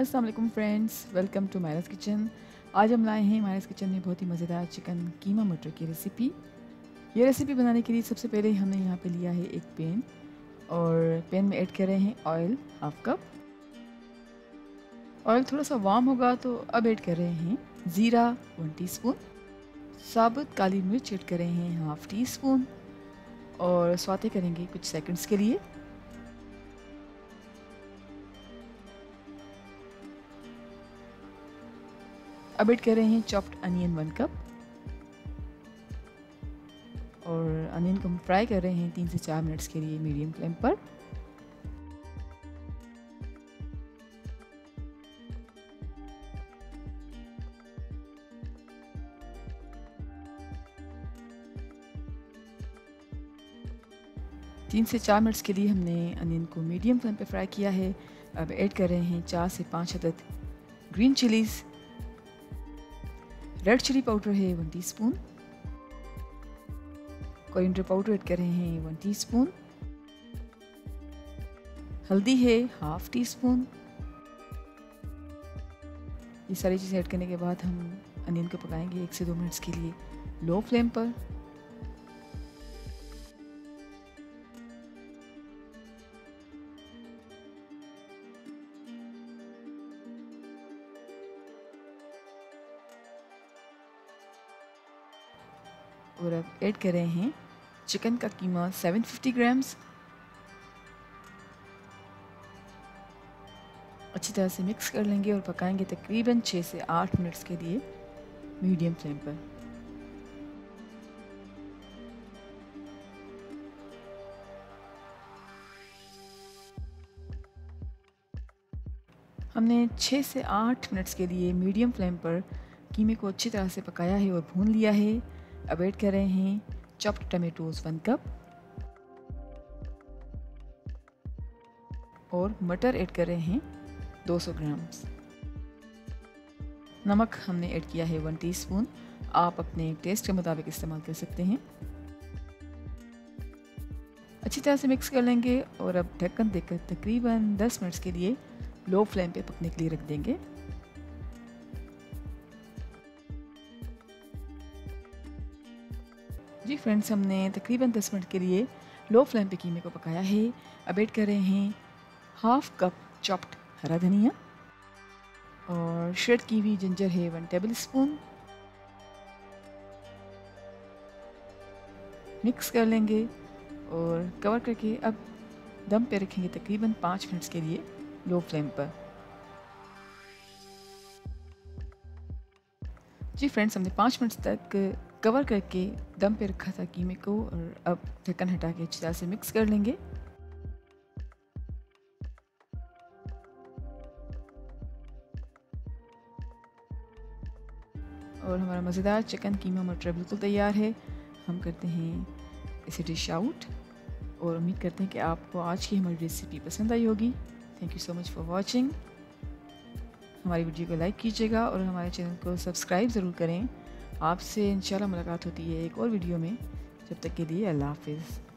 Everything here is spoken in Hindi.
Aslam friends welcome to Myra's kitchen आज हम लाए हैं मायरस किचन में बहुत ही मज़ेदार चिकन कीमा मटर की रेसिपी ये रेसिपी बनाने के लिए सबसे पहले हमने यहाँ पे लिया है एक पेन और पेन में ऐड कर रहे हैं ऑयल हाफ कप ऑयल थोड़ा सा वार्म होगा तो अब ऐड कर रहे हैं ज़ीरा वन टीस्पून साबुत काली मिर्च ऐड कर रहे हैं हाफ़ टी स्पून और स्वाते करेंगे कुछ सेकेंड्स के लिए अब एड कर रहे हैं चॉप्ड अनियन वन कप और अनियन को हम फ्राई कर रहे हैं तीन से चार मिनट्स के लिए मीडियम फ्लेम पर तीन से चार मिनट्स के लिए हमने अनियन को मीडियम फ्लेम पर फ्राई किया है अब ऐड कर रहे हैं चार से पाँच अदद green chillies red chilli powder है one teaspoon coriander powder add कर रहे हैं वन टी स्पून हल्दी है हाफ टी स्पून ये सारी चीज़ें ऐड करने के बाद हम अनियन को पकाएंगे एक से दो मिनट्स के लिए लो फ्लेम पर और अब ऐड कर रहे हैं चिकन का कीमा 750 ग्राम्स अच्छी तरह से मिक्स कर लेंगे और पकाएंगे तकरीबन 6 से आठ मिनट्स के लिए मीडियम फ्लेम पर हमने 6 से आठ मिनट्स के लिए मीडियम फ्लेम पर कीमे को अच्छी तरह से पकाया है और भून लिया है अब ऐड कर रहे हैं चॉप्ड टमेटोज वन कप और मटर ऐड कर रहे हैं 200 ग्राम्स नमक हमने ऐड किया है वन टीस्पून आप अपने टेस्ट के मुताबिक इस्तेमाल कर सकते हैं अच्छी तरह से मिक्स कर लेंगे और अब ढक्कन देकर तकरीबन 10 मिनट्स के लिए लो फ्लेम पे पकने के लिए रख देंगे जी फ्रेंड्स हमने तकरीबन 10 मिनट के लिए लो फ्लेम पे कीमे को पकाया है अब ऐड कर रहे हैं हाफ कप चॉप्ड हरा धनिया और श्रेड की हुई जिंजर है वन टेबल स्पून मिक्स कर लेंगे और कवर करके अब दम पे रखेंगे तकरीबन पाँच मिनट्स के लिए लो फ्लेम पर जी फ्रेंड्स हमने पाँच मिनट्स तक कवर करके दम पे रखा था कीमे को और अब ढक्कन हटा के अच्छी तरह से मिक्स कर लेंगे और हमारा मज़ेदार चिकन कीमा मटर बिल्कुल तैयार है हम करते हैं इसे डिश आउट और उम्मीद करते हैं कि आपको आज की हमारी रेसिपी पसंद आई होगी thank you so much for watching हमारी वीडियो को लाइक कीजिएगा और हमारे चैनल को सब्सक्राइब ज़रूर करें आपसे इंशाल्लाह मुलाकात होती है एक और वीडियो में जब तक के लिए अल्लाह हाफिज़